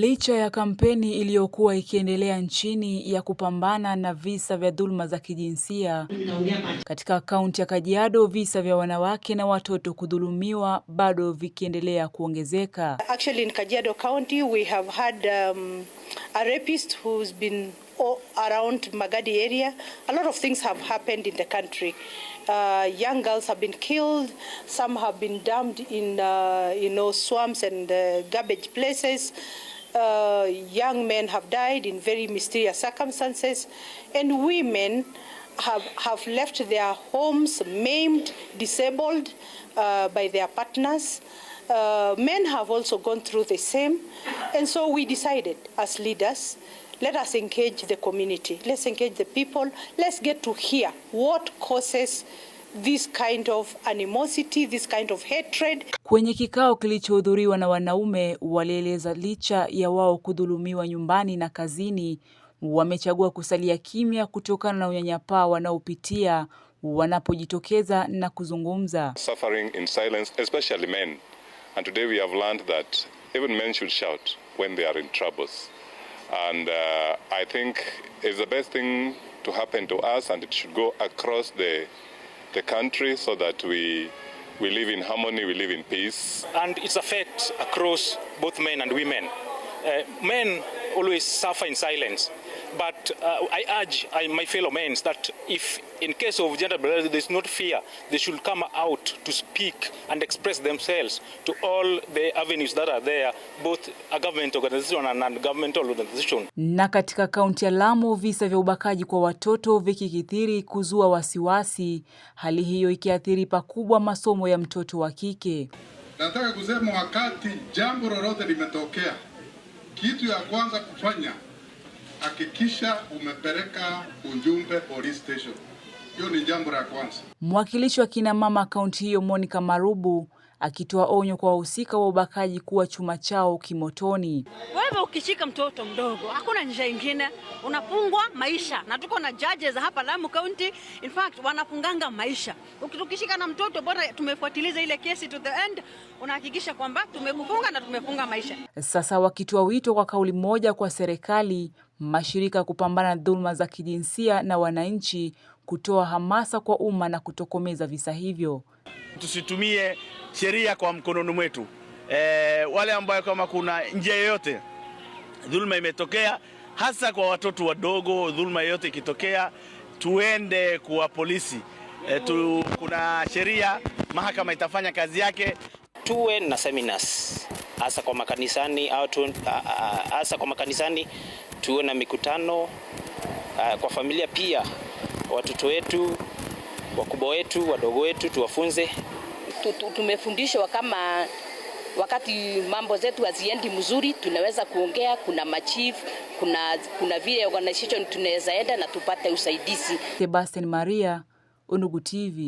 Licha ya kampeni iliyokuwa ikiendelea nchini ya kupambana na visa vya dhuluma za kijinsia, katika kaunti ya Kajiado visa vya wanawake na watoto kudhulumiwa bado vikiendelea kuongezeka. Actually in Kajiado County we have had um, a rapist who's been around Magadi area. A lot of things have happened in the country. Uh, young girls have been killed, some have been dumped in uh, you know swamps and uh, garbage places. Uh, young men have died in very mysterious circumstances, and women have, have left their homes maimed, disabled uh, by their partners. Uh, men have also gone through the same. And so we decided as leaders let us engage the community, let's engage the people, let's get to hear what causes this kind of animosity, this kind of hatred. Kwenye kikao kilichohudhuriwa na wanaume walieleza licha ya wao kudhulumiwa nyumbani na kazini, wamechagua kusalia kimya kutokana na unyanyapaa wanaopitia wanapojitokeza na kuzungumza. Suffering in silence, especially men. And today we have learned that even men should shout when they are in troubles. And uh, I think it's the best thing to happen to us and it should go across the the country so that we we live in harmony, we live in peace. And it's a fate across both men and women. Uh, men always suffer in silence but uh, I urge I, my fellow men that if in case of gender biology there is not fear, they should come out to speak and express themselves to all the avenues that are there, both a government organization and a governmental organization. Na katika kaunti ya Lamu visa vya ubakaji kwa watoto vikikithiri kuzua wasiwasi, hali hiyo ikiathiri pakubwa masomo ya mtoto wa kike. Nataka kusema wakati jambo lolote limetokea, kitu ya kwanza kufanya hakikisha umepeleka ujumbe police station. Hiyo ni jambo la kwanza. Mwakilishi wa kina mama kaunti hiyo Monica Marubu akitoa onyo kwa wahusika wa ubakaji kuwa chuma chao kimotoni. Wewe ukishika mtoto mdogo, hakuna njia ingine, unafungwa maisha, na tuko na judges hapa Lamu County, in fact wanafunganga maisha. Ukishika na mtoto bora, tumefuatiliza ile kesi to the end, unahakikisha kwamba tumekufunga na tumefunga maisha. Sasa wakitoa wito kwa kauli moja kwa serikali mashirika ya kupambana na dhuluma za kijinsia na wananchi kutoa hamasa kwa umma na kutokomeza visa hivyo. Tusitumie sheria kwa mkononi mwetu. E, wale ambayo kama kuna njia yoyote dhuluma imetokea hasa kwa watoto wadogo, dhuluma yoyote ikitokea tuende kwa polisi. E, tu, kuna sheria, mahakama itafanya kazi yake. Tuwe na seminars hasa kwa makanisani au ah, ah, hasa kwa makanisani, tuwe na mikutano ah, kwa familia pia, watoto wetu, wakubwa wetu, wadogo wetu tuwafunze. Tumefundishwa kama wakati mambo zetu haziendi mzuri, tunaweza kuongea. Kuna machief, kuna, kuna vile organization tunaweza enda na tupate usaidizi. Sebastian Maria, Undugu TV.